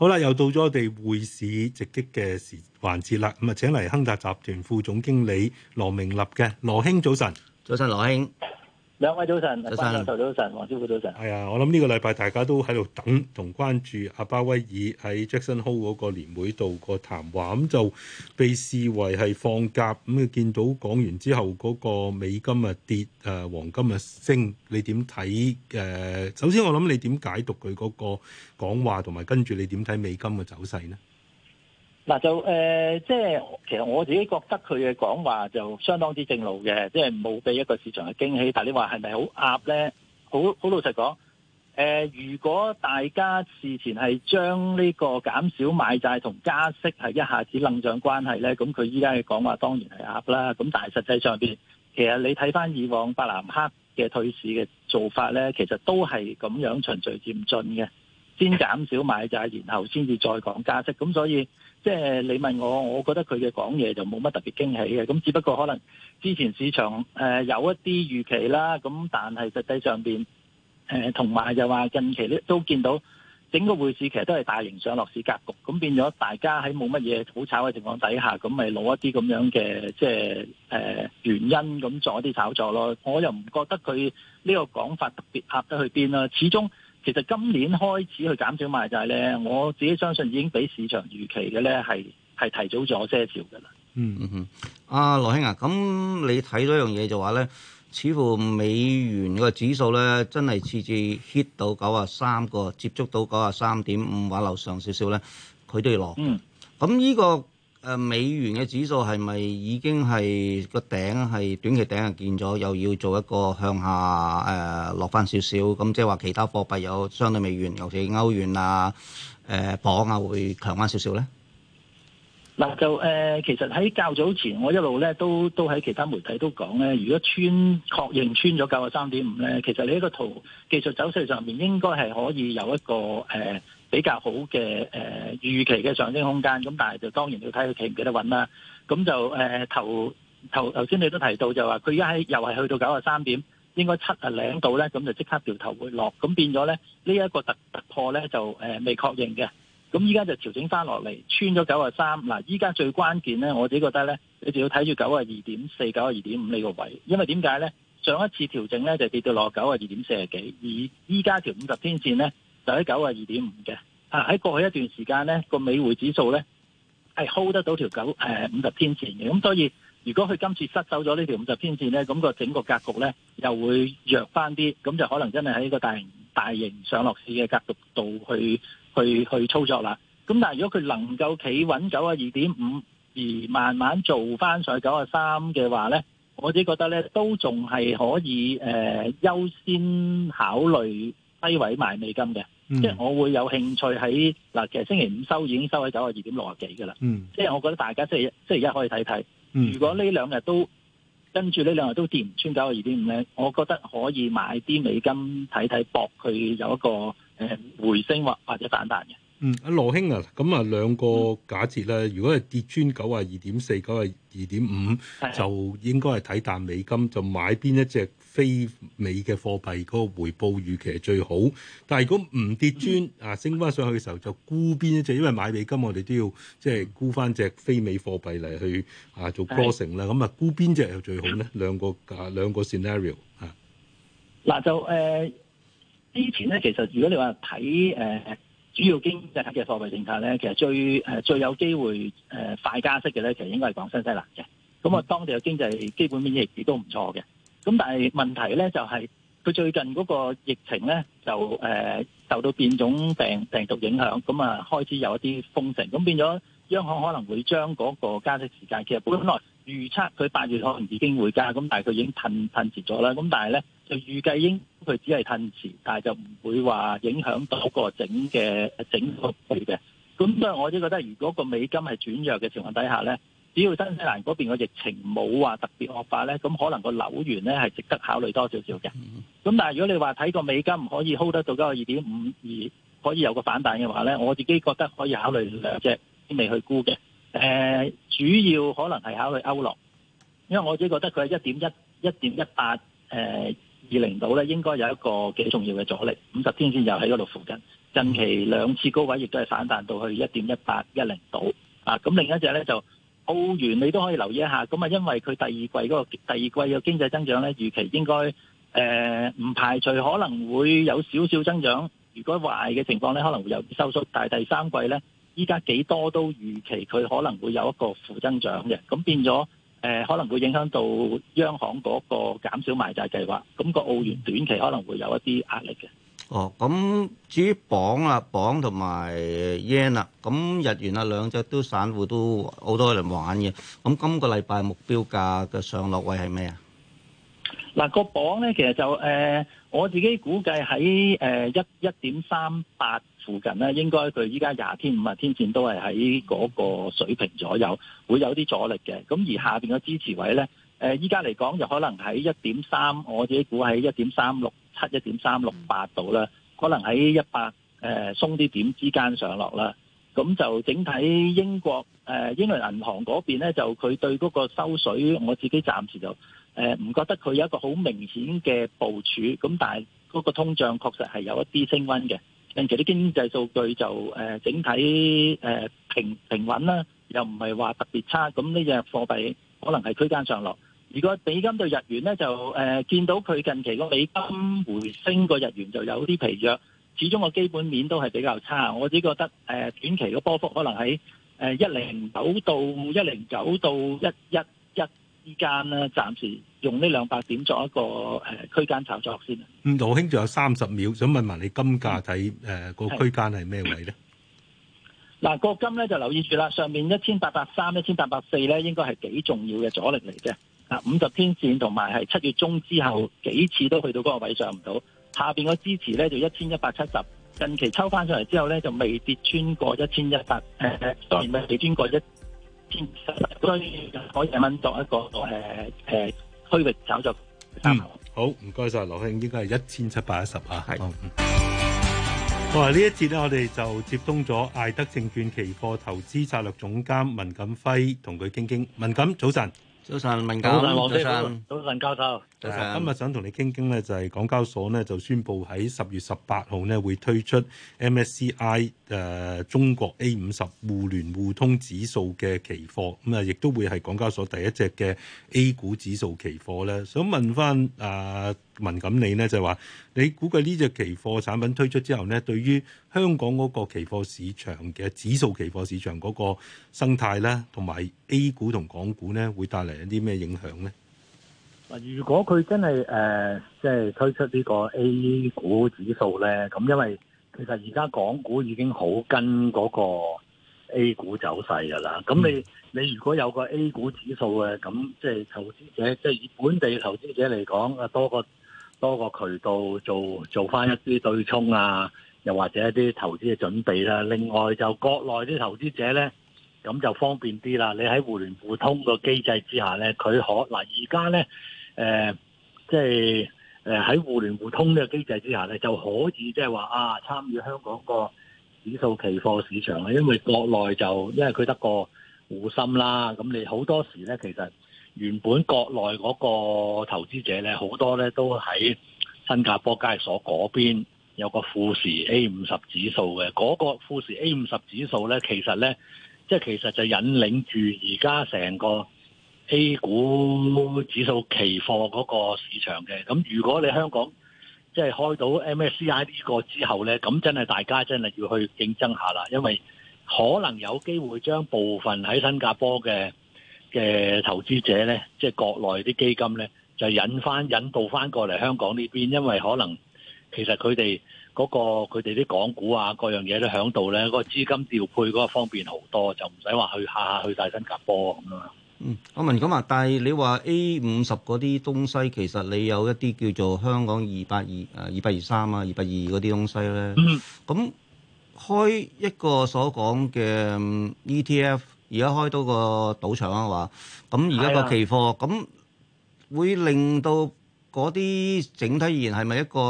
好啦，又到咗我哋匯市直擊嘅時環節啦，咁啊請嚟亨達集團副總經理羅明立嘅羅兄早晨，早晨羅兄。兩位早晨，早晨，頭早晨，黃師傅早晨。哎啊，我諗呢個禮拜大家都喺度等同關注阿鮑威爾喺 Jackson Hole 嗰個年會度個談話，咁就被視為係放鴿。咁見到講完之後，嗰個美金啊跌，誒黃金啊升，你點睇？誒、呃，首先我諗你點解讀佢嗰個講話，同埋跟住你點睇美金嘅走勢呢？嗱就，誒，即係其實我自己覺得佢嘅講話就相當之正路嘅，即係冇俾一個市場嘅驚喜。但係你話係咪好鴨咧？好好老實講誒、呃，如果大家事前係將呢個減少買債同加息係一下子楞上關係咧，咁佢依家嘅講話當然係鴨啦。咁但係實際上邊，其實你睇翻以往伯南克嘅退市嘅做法咧，其實都係咁樣循序漸進嘅。先減少買債，然後先至再講加息。咁所以即係、就是、你問我，我覺得佢嘅講嘢就冇乜特別驚喜嘅。咁只不過可能之前市場誒、呃、有一啲預期啦，咁但係實際上面、呃，同埋就話近期咧都見到整個匯市其實都係大型上落市格局。咁變咗大家喺冇乜嘢好炒嘅情況底下，咁咪攞一啲咁樣嘅即係誒原因咁做一啲炒作咯。我又唔覺得佢呢個講法特別合得去邊啦。始終。其實今年開始去減少賣債咧，我自己相信已經比市場預期嘅咧係係提早咗些少噶啦。嗯嗯嗯，啊羅兄啊，咁你睇到一樣嘢就話咧，似乎美元個指數咧真係次次 hit 到九啊三個，接觸到九啊三點五，或樓上少少咧，佢都要落。嗯，咁呢個。誒美元嘅指數係咪已經係個頂，係短期頂係見咗？又要做一個向下誒落翻少少，咁即係話其他貨幣有相對美元，尤其是歐元啊、誒鎊啊，會強翻少少咧？嗱，就誒其實喺較早前，我一路咧都都喺其他媒體都講咧，如果穿確認穿咗九十三點五咧，其實你呢個圖技術走勢上面應該係可以有一個誒。比較好嘅誒、呃、預期嘅上升空間，咁但係就當然要睇佢企唔企得穩啦。咁就誒、呃、頭頭頭先你都提到就話佢而家喺又係去到九十三點，應該七啊零度咧，咁就即刻掉頭會落，咁變咗咧呢一、呢個突突破咧就誒、呃、未確認嘅。咁依家就調整翻落嚟穿咗九啊三，嗱依家最關鍵咧我自己覺得咧，你就要睇住九啊二點四、九啊二點五呢個位，因為點解咧？上一次調整咧就跌到落九啊二點四啊幾，而依家條五十天線咧。就喺九啊二點五嘅，啊喺過去一段時間咧，個美匯指數咧係 hold 得到條九誒五十天線嘅，咁所以如果佢今次失守咗呢條五十天線咧，咁個整個格局咧又會弱翻啲，咁就可能真係喺一個大型大型上落市嘅格局度去去去操作啦。咁但係如果佢能夠企穩九啊二點五，而慢慢做翻上去九啊三嘅話咧，我自己覺得咧都仲係可以誒優先考慮低位買美金嘅。嗯、即係我會有興趣喺嗱，其實星期五收已經收喺九個二點六十幾嘅啦。嗯，即係我覺得大家星期一星期一可以睇睇，如果呢兩呢兩呢兩日都跟住呢兩日都跌唔穿九個二點五咧，我覺得可以買啲美金睇睇，博佢有一個誒回升或或者反彈嘅。嗯，阿羅兄啊，咁啊兩個假設啦。嗯、如果係跌穿九啊二點四、九啊二點五，就應該係睇淡美金，就買邊一隻非美嘅貨幣嗰個回報預期係最好。但係如果唔跌穿、嗯、啊，升翻上去嘅時候，就沽邊一隻？因為買美金我哋都要即係沽翻隻非美貨幣嚟去啊做 crossing 啦。咁啊沽邊隻又最好咧？兩個價兩個 scenario、啊。嗱、啊、就誒之前咧，其實如果你話睇誒。呃主要經濟嘅貨幣政策咧，其實最誒最有機會誒快、呃、加息嘅咧，其實應該係講新西蘭嘅。咁啊，當地嘅經濟基本面亦都唔錯嘅。咁但係問題咧就係、是、佢最近嗰個疫情咧就誒、呃、受到變種病病毒影響，咁啊開始有一啲封城，咁變咗央行可能會將嗰個加息時間其實本來預測佢八月可能已經會加，咁但係佢已經褪褪節咗啦。咁但係咧就預計應。佢只係褪潮，但係就唔會話影響到個整嘅整幅嘅。咁所以我只覺得，如果個美金係轉弱嘅情況底下咧，只要新西蘭嗰邊嘅疫情冇話特別惡化咧，咁可能個紐元咧係值得考慮多少少嘅。咁但係如果你話睇個美金唔可以 hold 得到嗰二點五二，而可以有個反彈嘅話咧，我自己覺得可以考慮兩隻都未去估嘅。誒，主要可能係考慮歐羅，因為我自己覺得佢係一點一、一點一八誒。二零度咧，應該有一個幾重要嘅阻力。五十天線又喺嗰度附近。近期兩次高位亦都係反彈到去一點一八一零度啊。咁另一隻咧就澳元，你都可以留意一下。咁啊，因為佢第二季嗰個第二季嘅經濟增長咧，預期應該誒唔排除可能會有少少增長。如果壞嘅情況咧，可能會有收縮。但係第三季咧，依家幾多都預期佢可能會有一個負增長嘅。咁變咗。誒，可能會影響到央行嗰個減少買債計劃，咁個澳元短期可能會有一啲壓力嘅。哦，咁至於磅啊，磅同埋 yen 啊，咁日元啊兩隻都散戶都好多人玩嘅。咁今個禮拜目標價嘅上落位係咩啊？嗱，個磅咧其實就誒，我自己估計喺誒一一點三八。附近咧，應該佢依家廿天五日天線都係喺嗰個水平左右，會有啲阻力嘅。咁而下邊嘅支持位咧，誒依家嚟講就可能喺一點三，我自己估喺一點三六七、一點三六八度啦。可能喺一百誒鬆啲點之間上落啦。咁就整體英國誒、呃、英倫銀行嗰邊咧，就佢對嗰個收水，我自己暫時就誒唔、呃、覺得佢有一個好明顯嘅部署。咁但係嗰個通脹確實係有一啲升溫嘅。近期啲經濟數據就誒、呃、整體誒、呃、平平穩啦，又唔係話特別差，咁呢隻貨幣可能係區間上落。如果美金對日元咧，就誒、呃、見到佢近期個美金回升，個日元就有啲疲弱，始終個基本面都係比較差。我只覺得誒、呃、短期個波幅可能喺誒一零九到一零九到一一一之間啦，暫時。用呢兩百點作一個誒區間炒作先。嗯，老兄仲有三十秒，想問埋你金價睇誒個區間係咩位咧？嗱，個金咧就留意住啦，上面一千八百三、一千八百四咧，應該係幾重要嘅阻力嚟嘅。嗱，五十天線同埋係七月中之後幾次都去到嗰個位上唔到。下邊個支持咧就一千一百七十，近期抽翻上嚟之後咧就未跌穿過一千一百。誒，sorry，未跌穿過一千七百，所以可以百蚊作一個誒誒。呃區域走咗三毫，好唔該曬，羅慶應該係一千七百一十啊。係，哇！呢一節咧，我哋就接通咗艾德證券期貨投資策略總監文錦輝，同佢傾傾。文錦，早晨，早晨，文錦輝，黃先生，早晨，教授。今日 Damn. 想同你傾傾咧，就係、是、港交所呢，就宣布喺十月十八號呢會推出 MSCI，呃、中國 A50 互聯互通指數嘅期貨。咁啊亦都會係港交所第一隻嘅 A 股指數期貨咧。想問返啊、呃、文錦你呢就話、是、你估計呢隻期貨產品推出之後於呢，對於香港嗰個期貨市場嘅指數期貨市場嗰個生態咧，同埋 A 股同港股咧，會帶嚟一啲咩影響呢？嗱，如果佢真係誒，即係推出呢個 A 股指數呢，咁因為其實而家港股已經好跟嗰個 A 股走勢噶啦，咁你你如果有個 A 股指數嘅，咁即係投資者，即係以本地投資者嚟講，多個多個渠道做做翻一啲對沖啊，又或者一啲投資嘅準備啦。另外就國內啲投資者呢，咁就方便啲啦。你喺互聯互通個機制之下呢，佢可嗱而家呢。誒，即係誒喺互聯互通嘅機制之下咧，就可以即係話啊，參與香港個指數期貨市場啦。因為國內就因為佢得個滬深啦，咁你好多時咧，其實原本國內嗰個投資者咧，好多咧都喺新加坡交易所嗰邊有個富時 A 五十指數嘅，嗰、那個富時 A 五十指數咧，其實咧，即、就、係、是、其實就引領住而家成個 A 股指數期貨嗰個市場嘅，咁如果你香港即係開到 MSCI 呢個之後呢，咁真係大家真係要去競爭下啦，因為可能有機會將部分喺新加坡嘅嘅投資者呢，即係國內啲基金呢，就引翻引導翻過嚟香港呢邊，因為可能其實佢哋嗰個佢哋啲港股啊，各樣嘢都喺度呢，嗰個資金調配嗰個方便好多，就唔使話去下下去晒新加坡咁樣。嗯，我問咁啊，但係你話 A 五十嗰啲東西，其實你有一啲叫做香港二八二、誒二八二三啊、二八二嗰啲東西咧。嗯，咁開一個所講嘅 ETF，而家開到個賭場啊話。咁而家個期貨，咁、啊、會令到。嗰啲整體而言係咪一個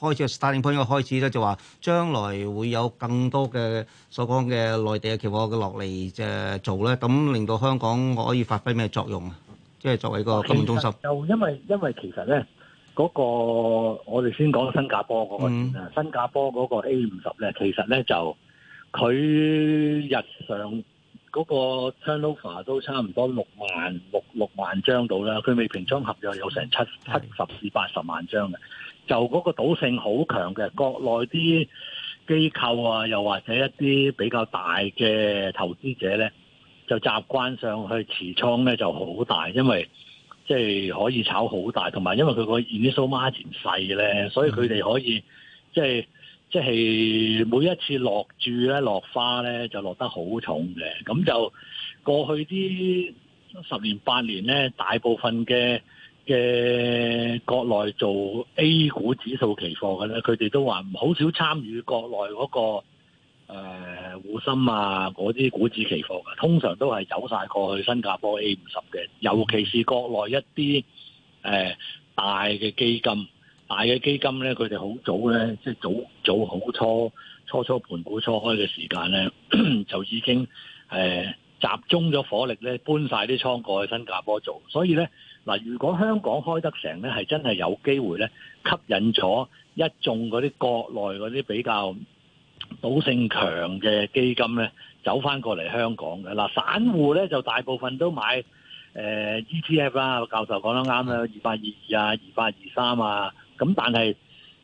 開始嘅 starting point 一個開始咧？就話將來會有更多嘅所講嘅內地嘅期貨嘅落嚟嘅做咧，咁令到香港我可以發揮咩作用啊？即係作為一個金融中心。就因為因為其實咧，嗰個我哋先講新加坡嗰個新加坡嗰個 A 五十咧，其實咧就佢日常。嗰個 turnover 都差唔多六萬六六萬張到啦，佢未平倉合約有成七七十至八十萬張嘅，就嗰個賭性好強嘅，國內啲機構啊，又或者一啲比較大嘅投資者咧，就習慣上去持倉咧就好大，因為即係、就是、可以炒好大，同埋因為佢個 initial margin 細咧，所以佢哋可以即係。就是即係每一次落注咧，落花咧就落得好重嘅。咁就過去啲十年八年咧，大部分嘅嘅國內做 A 股指數期貨嘅咧，佢哋都話好少參與國內嗰、嗰個誒滬深啊嗰啲股指期貨嘅，通常都係走晒過去新加坡 A 五十嘅。尤其是國內一啲誒、呃、大嘅基金。大嘅基金咧，佢哋好早咧，即係早早好初，初初初盤古初開嘅時間咧， 就已經誒、呃、集中咗火力咧，搬晒啲倉過去新加坡做。所以咧嗱，如果香港開得成咧，係真係有機會咧，吸引咗一眾嗰啲國內嗰啲比較賭性強嘅基金咧，走翻過嚟香港嘅嗱、呃，散戶咧就大部分都買誒、呃、ETF 啦、啊。教授講得啱啦，二八二二啊，二八二三啊。咁但係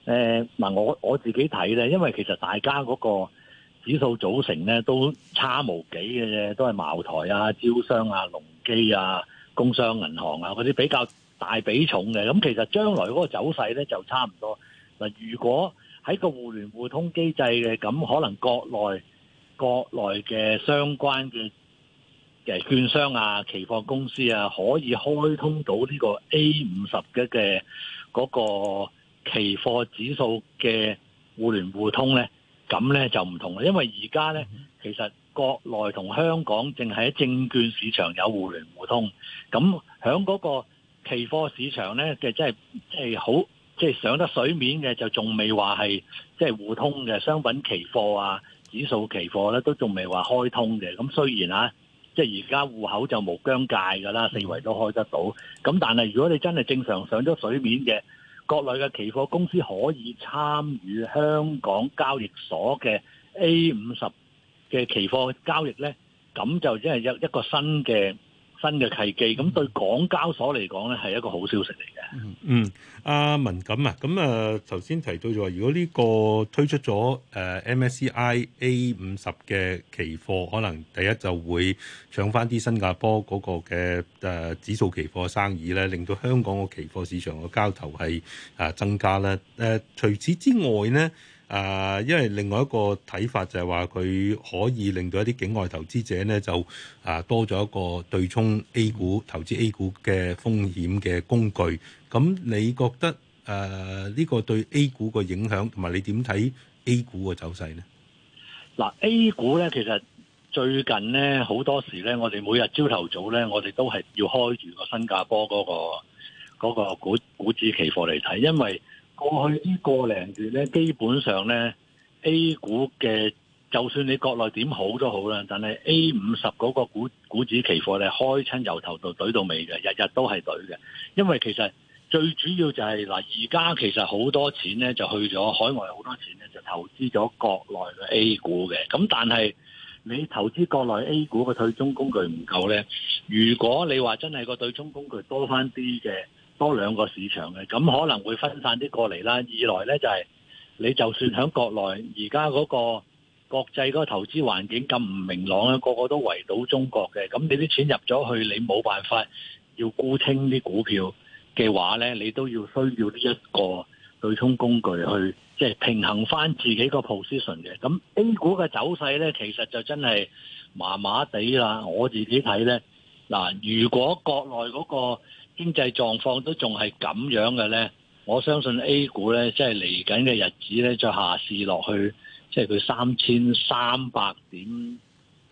誒，嗱我我自己睇咧，因為其實大家嗰個指數組成咧都差無幾嘅啫，都係茅台啊、招商啊、隆基啊、工商銀行啊嗰啲比較大比重嘅。咁其實將來嗰個走勢咧就差唔多。嗱，如果喺個互聯互通機制嘅，咁可能國內國內嘅相關嘅嘅券商啊、期貨公司啊，可以開通到呢個 A 五十嘅嘅。嗰個期貨指數嘅互聯互通呢，咁呢就唔同啦。因為而家呢，其實國內同香港淨係喺證券市場有互聯互通，咁喺嗰個期貨市場呢，嘅、即係，即係即係好即係、即係、上得水面嘅，就仲未話係即係互通嘅商品期貨啊、指數期貨呢，都仲未話開通嘅。咁雖然啊。即係而家戶口就冇疆界㗎啦，四圍都開得到。咁但係如果你真係正常上咗水面嘅國內嘅期貨公司可以參與香港交易所嘅 A50 嘅期貨交易呢，咁就真係有一個新嘅。新嘅契機，咁對港交所嚟講咧，係一個好消息嚟嘅，嗯。嗯，阿文錦啊，咁啊，頭先提到咗，如果呢個推出咗，啊、MSCI A 五十嘅期貨，可能第一就會搶翻啲新加坡嗰個嘅，啊、指數期貨生意咧，令到香港個期貨市場個交投係啊增加啦，啊。除此之外咧。啊，因為另外一個睇法就係話佢可以令到一啲境外投資者呢，就啊多咗一個對沖 A 股投資 A 股嘅風險嘅工具。咁你覺得誒呢個對 A 股個影響，同埋你點睇 A 股個走勢呢？嗱，啊，A 股呢，其實最近呢，好多時呢，我哋每日朝頭早呢，我哋都係要開住個新加坡嗰個嗰個股股指期貨嚟睇，因為過去呢個零月呢，基本上呢 A 股嘅，就算你國內點好都好啦，但係 A 五十嗰個股股指期貨咧開親由頭到懟到尾嘅，日日都係懟嘅。因為其實最主要就係、是、嗱，而家其實好多錢呢，就去咗海外，好多錢呢，就投資咗國內嘅 A 股嘅。咁但係你投資國內 A 股嘅對沖工具唔夠呢？如果你話真係個對沖工具多翻啲嘅。多兩個市場嘅，咁可能會分散啲過嚟啦。二來呢，就係、是、你就算喺國內，而家嗰個國際嗰個投資環境咁唔明朗啦，個個都圍堵中國嘅，咁你啲錢入咗去，你冇辦法要沽清啲股票嘅話呢，你都要需要呢一個對沖工具去即係、就是、平衡翻自己個 position 嘅。咁 A 股嘅走勢呢，其實就真係麻麻地啦。我自己睇呢，嗱，如果國內嗰、那個經濟狀況都仲係咁樣嘅咧，我相信 A 股咧，即係嚟緊嘅日子咧，再下市落去，即係佢三千三百點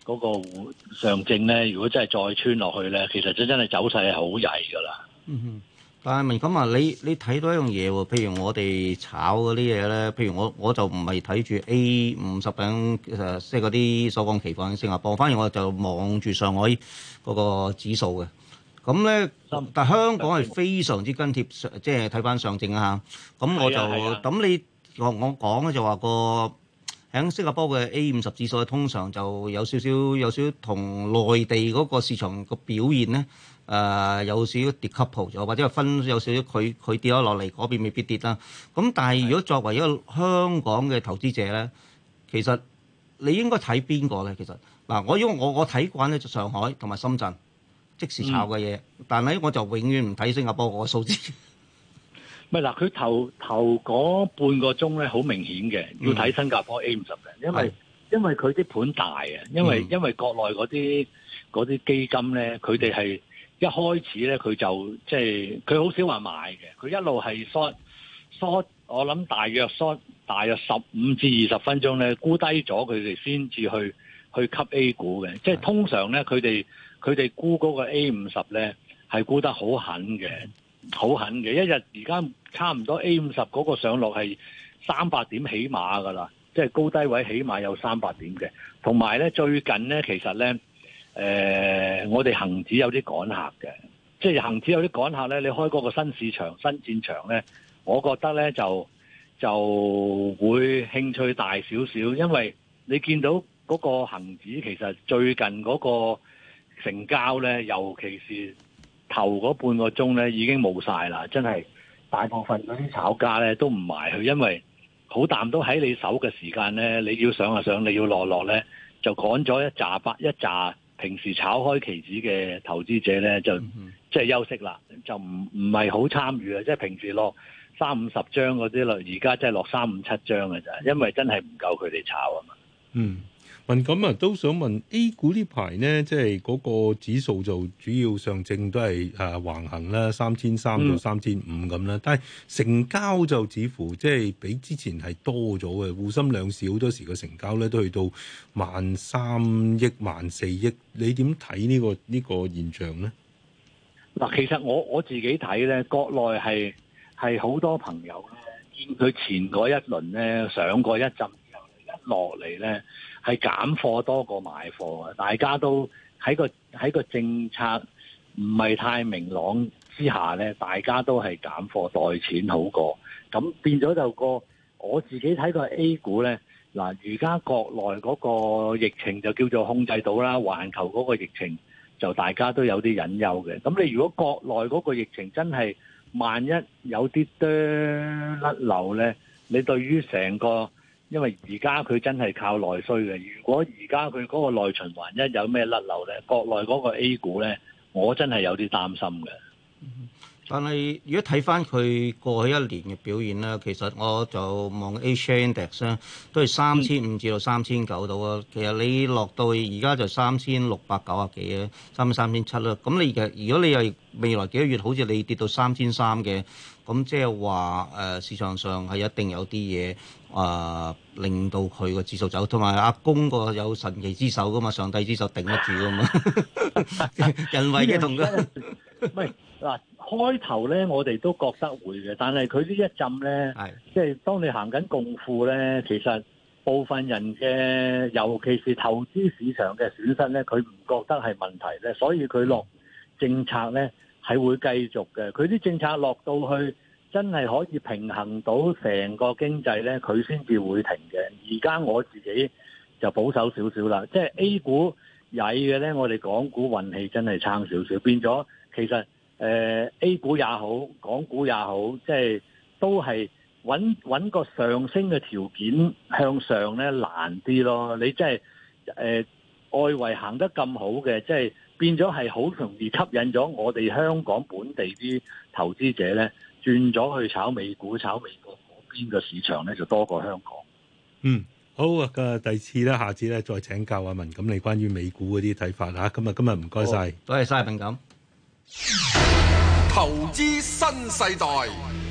嗰個上證咧，如果真係再穿落去咧，其實就真係走勢係好曳噶啦。嗯哼，但係明哥啊，你你睇到一樣嘢喎，譬如我哋炒嗰啲嘢咧，譬如我我就唔係睇住 A 五十等，即係嗰啲所講期貨喺新加坡，反而我就望住上海嗰個指數嘅。咁咧，但香港係非常之跟貼上，即係睇翻上證啊嚇。咁我就，咁、啊啊、你我我講咧就話個喺新加坡嘅 A 五十指數通常就有少少有少少同內地嗰個市場個表現咧，誒、呃、有少少跌級步咗，或者分有少少佢佢跌咗落嚟，嗰邊未必跌啦。咁但係如果作為一個香港嘅投資者咧，其實你應該睇邊個咧？其實嗱，我因為我我睇慣咧就上海同埋深圳。即時炒嘅嘢，嗯、但係我就永遠唔睇新加坡嗰個數字。咪嗱，佢頭頭嗰半個鐘咧，好明顯嘅，嗯、要睇新加坡 A 五十嘅，因為是的 因為佢啲盤大啊，因為、嗯、因為國內嗰啲啲基金咧，佢哋係一開始咧，佢就即係佢好少話買嘅，佢一路係 short short，我諗大約 short 大約十五至二十分鐘咧，沽低咗佢哋先至去去吸 A 股嘅，即係通常咧佢哋。佢哋沽嗰個 A 五十咧，係沽得好狠嘅，好狠嘅。一日而家差唔多 A 五十嗰個上落係三百點起碼㗎啦，即係高低位起碼有三百點嘅。同埋咧，最近咧，其實咧，誒，我哋恆指有啲趕客嘅，即係恆指有啲趕客咧，你開嗰個新市場新戰場咧，我覺得咧就就會興趣大少少，因為你見到嗰個恆指其實最近嗰個。成交咧，尤其是頭嗰半個鐘咧，已經冇晒啦！真係大部分嗰啲炒家咧都唔埋去，因為好淡都喺你手嘅時間咧，你要上啊上，你要落落咧，就趕咗一扎八一扎平時炒開期指嘅投資者咧，就即係、就是、休息啦，就唔唔係好參與啊！即係平時落三五十張嗰啲啦，而家真係落三五七張嘅咋，因為真係唔夠佢哋炒啊嘛。嗯。問咁啊，都想問 A 股呢排呢，即係嗰個指數就主要上證都係誒橫行啦，三千三到三千五咁啦。但係成交就似乎即係比之前係多咗嘅，滬深兩市好多時個成交呢都去到萬三億、萬四億。你點睇呢個呢個現象呢？嗱，其實我我自己睇呢，國內係係好多朋友咧，見佢前嗰一輪呢上過一陣。落嚟呢係減貨多過買貨啊！大家都喺個喺個政策唔係太明朗之下呢，大家都係減貨代錢好過咁，變咗就個我自己睇個 A 股呢，嗱，而家國內嗰個疫情就叫做控制到啦，環球嗰個疫情就大家都有啲隱憂嘅。咁你如果國內嗰個疫情真係萬一有啲多甩漏呢，你對於成個因為而家佢真係靠內需嘅。如果而家佢嗰個內循環一有咩甩漏咧，國內嗰個 A 股咧，我真係有啲擔心嘅、嗯。但係如果睇翻佢過去一年嘅表現咧，其實我就望 A Share Index 都係三千五至到三千九到啊。3, 嗯、其實你落到而家就三千六百九啊幾咧，甚至三千七啦。咁你其實如果你係未來幾個月好似你跌到三千三嘅，咁即係話誒市場上係一定有啲嘢。啊、呃！令到佢個指數走，同埋阿公個有神奇之手噶嘛，上帝之手頂得住噶嘛， 人為嘅也同佢， 唔係嗱，開頭咧，我哋都覺得會嘅，但係佢呢一浸咧，的即係當你行緊共富咧，其實部分人嘅，尤其是投資市場嘅損失咧，佢唔覺得係問題咧，所以佢落政策咧係會繼續嘅，佢啲政策落到去。真係可以平衡到成個經濟咧，佢先至會停嘅。而家我自己就保守少少啦，即係 A 股曳嘅咧，我哋港股運氣真係差少少。變咗，其實誒 A 股也好，港股也好，即係都係揾揾個上升嘅條件向上咧，難啲咯。你即係誒外圍行得咁好嘅，即係變咗係好容易吸引咗我哋香港本地啲投資者咧。轉咗去炒美股，炒美國邊嘅市場咧就多過香港。嗯，好啊，第二次咧，下次咧再請教阿、啊、文，咁你關於美股嗰啲睇法吓、啊，今日今日唔該晒，多謝晒文錦。投資新世代。